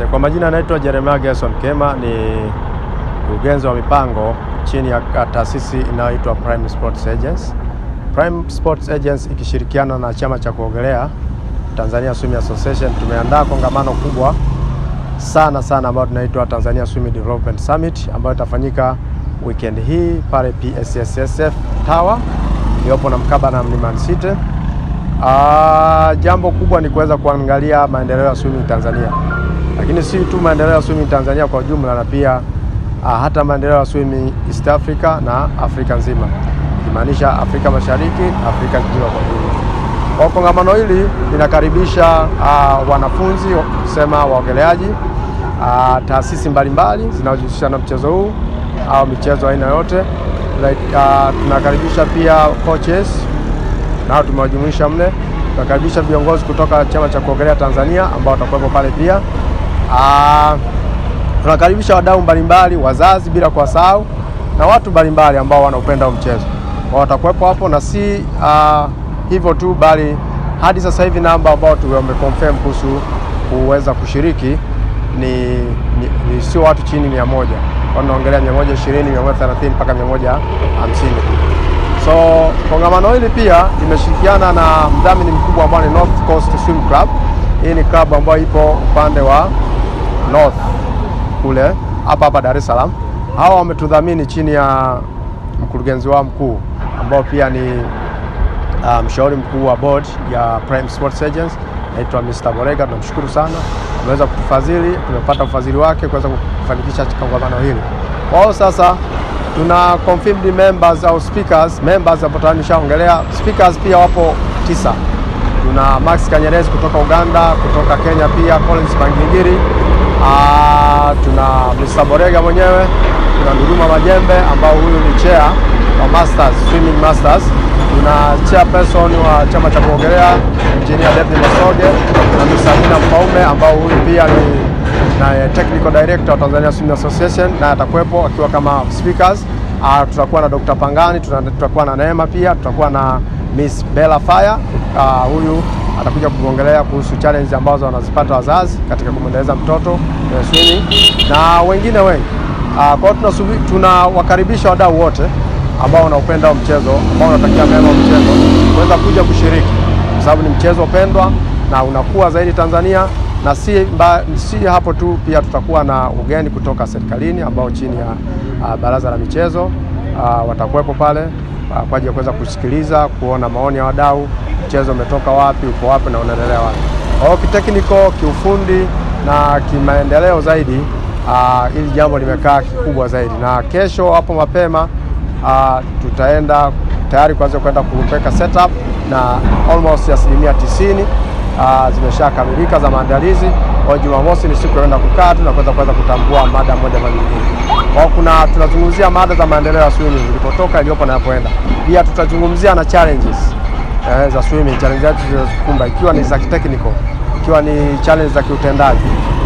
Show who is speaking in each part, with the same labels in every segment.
Speaker 1: Asante. Kwa majina anaitwa Jeremiah Gerson Kema, ni mkurugenzi wa mipango chini ya taasisi inayoitwa Prime Sports Agents. Prime Sports Agents ikishirikiana na chama cha kuogelea Tanzania Swimming Association tumeandaa kongamano kubwa sana sana ambayo tunaitwa Tanzania Swimming Development Summit ambayo itafanyika weekend hii pale PSSSF Tower iliyopo na mkabala na Mlimani City. Ah, jambo kubwa ni kuweza kuangalia maendeleo ya swimming Tanzania lakini si tu maendeleo ya swimming Tanzania kwa ujumla, na pia ah, hata maendeleo ya swimming East Africa na Afrika nzima, ikimaanisha Afrika Mashariki, Afrika nzima kwa ujumla. Kwa kongamano hili linakaribisha uh, ah, wanafunzi kusema waogeleaji uh, taasisi mbalimbali zinazojihusisha na mchezo huu au michezo aina yote like, uh, tunakaribisha pia coaches nao tumewajumuisha mle. Tunakaribisha viongozi kutoka chama cha kuogelea Tanzania ambao watakuwepo pale pia. Ah, tunakaribisha wadau mbalimbali, wazazi bila kuwasahau, na watu mbalimbali ambao wanaupenda mchezo watakuwepo hapo, na si ah, hivyo tu, bali hadi sasa hivi namba ambao tumeconfirm kuhusu kuweza kushiriki ni, ni, ni sio watu chini mia moja mia moja thelathini mpaka hamsini So kongamano hili pia limeshirikiana na mdhamini mkubwa ambao ni North Coast Swim Club. Hii ni klabu ambayo ipo upande wa North kule hapa hapa Dar es Salaam. Hawa wametudhamini chini ya mkurugenzi wao mkuu ambao pia ni ah, mshauri um, mkuu wa board ya Prime Sports Agents naitwa Mr. Borega. Tunamshukuru sana, ameweza kutufadhili, tumepata ufadhili wake kuweza kufanikisha kongamano hili. Wao sasa tuna confirmed members au speakers, members hapo tayari nishaongelea. Speakers pia wapo tisa. Tuna Max Kanyerezi kutoka Uganda, kutoka Kenya pia Collins Bangingiri Ah, tuna Mr. Borega mwenyewe, tuna Nduruma Majembe ambao huyu ni chair wa masters, swimming masters. Tuna chairperson wa chama cha kuogelea Engineer David Masoge na Mr. Amina Mfaume ambao huyu pia ni na technical director wa Tanzania Swimming Association na atakuwepo akiwa kama speakers. Uh, tutakuwa na Dr. Pangani, tutakuwa na Neema pia, tutakuwa na Miss Bella Fire uh, huyu atakuja kuongelea kuhusu challenge ambazo wanazipata wazazi katika kumwendeleza mtoto kwenye eh, swimming na wengine wengi. Ah, kwa hiyo tunawakaribisha wadau wote ambao wanaupenda mchezo ambao wanatakia mema mchezo kuweza kuja kushiriki, kwa sababu ni mchezo pendwa na unakuwa zaidi Tanzania na si, mba, si hapo tu, pia tutakuwa na ugeni kutoka serikalini ambao chini ya uh, Baraza la Michezo uh, watakuwepo pale kwa ajili ya kuweza kusikiliza, kuona maoni ya wadau, mchezo umetoka wapi, uko wapi na unaendelea wapi. Kwa hiyo kitekniko, kiufundi na kimaendeleo zaidi ah, hili uh, jambo limekaa kikubwa zaidi, na kesho hapo mapema uh, tutaenda tayari kuanza kwenda kuweka setup na almost asilimia tisini uh, zimeshakamilika za maandalizi. Kwa Jumamosi ni siku ya kwenda kukaa tu na kuweza kuweza kutambua mada moja au nyingine kwa kuna tunazungumzia mada za maendeleo ya swimming ilipotoka, iliyopo na yapoenda. Pia tutazungumzia na challenges eh, za swimming, challenge zetu zinazokumba ikiwa ni za technical, ikiwa ni challenge za kiutendaji,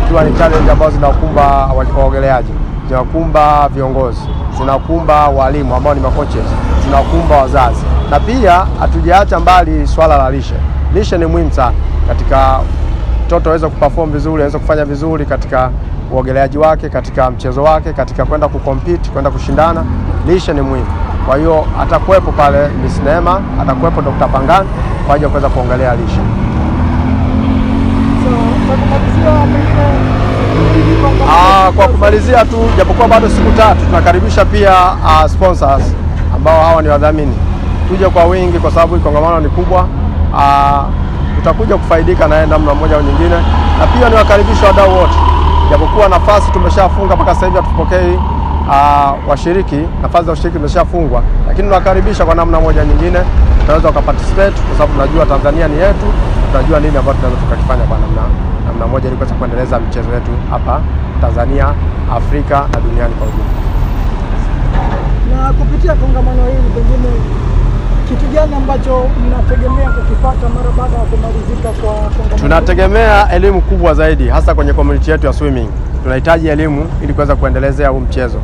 Speaker 1: ikiwa ni challenge ambazo zinakumba waogeleaji, zinakumba viongozi, zinakumba walimu ambao ni makoches, zinakumba wazazi, na pia hatujaacha mbali swala la lishe. Lishe ni muhimu sana katika mtoto aweze kuperform vizuri, aweze kufanya vizuri katika uogeleaji wake, katika mchezo wake, katika kwenda kukompiti, kwenda kushindana, lishe ni muhimu. Kwa hiyo atakuwepo pale Miss Neema, atakuwepo Dr. Pangan kwa ajili ya kuweza kuongelea lishe. Ah, kwa kumalizia tu, japokuwa bado siku tatu, tunakaribisha pia uh, sponsors ambao hawa ni wadhamini, tuje kwa wingi kwa sababu kongamano ni kubwa. Uh, ah, utakuja kufaidika naye namna moja au nyingine, na pia ni wakaribisha wadau wote japokuwa nafasi tumeshafunga mpaka sasa hivi hatupokei uh, washiriki, nafasi za washiriki zimeshafungwa, lakini tunakaribisha kwa namna moja nyingine, tunaweza ukaparticipate kwa sababu tunajua Tanzania ni yetu, tunajua nini ambayo tunaweza tukakifanya kwa namna namna moja ili kuweza kuendeleza michezo yetu hapa Tanzania, Afrika na duniani kwa ujumla.
Speaker 2: Na kupitia kongamano hili pengine kitu gani ambacho mnategemea kukipata mara baada ya kumalizika kwa kongamano?
Speaker 1: Tunategemea elimu kubwa zaidi, hasa kwenye community yetu ya swimming. Tunahitaji elimu ili kuweza kuendelezea huu mchezo,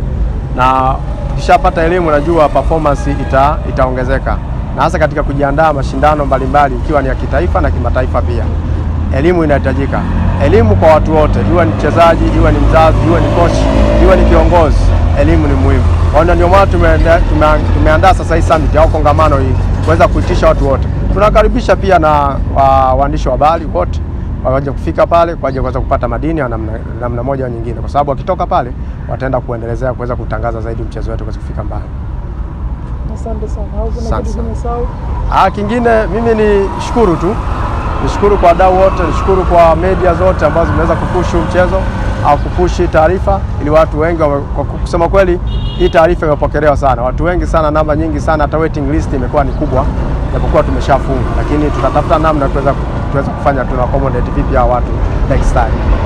Speaker 1: na kishapata elimu, najua performance ita, itaongezeka na hasa katika kujiandaa mashindano mbalimbali, ikiwa ni ya kitaifa na kimataifa. Pia elimu inahitajika, elimu kwa watu wote, iwe ni mchezaji, iwe ni mzazi, iwe ni coach, iwe ni kiongozi. Elimu ni muhimu. Kwa ndio maana tumeandaa tume, tume sasa hii summit au kongamano hii kuweza kuitisha watu wote. Tunakaribisha pia na waandishi wa habari wote waje kufika pale kwa ajili kuweza kupata madini namna, namna moja au nyingine, kwa sababu wakitoka pale wataenda kuendelezea kuweza kutangaza zaidi mchezo wetu kuweza kufika mbali.
Speaker 2: Asante sana.
Speaker 1: Ah, kingine mimi ni shukuru tu, nishukuru kwa wadau wote, nishukuru kwa media zote ambazo zimeweza kupushu mchezo hawakupushi taarifa ili watu wengi, kwa kusema kweli, hii taarifa imepokelewa sana, watu wengi sana, namba nyingi sana, hata waiting list imekuwa ni kubwa, japokuwa tumeshafunga, lakini tutatafuta namna tuweza kufanya tuna accommodate vipi hao watu next time.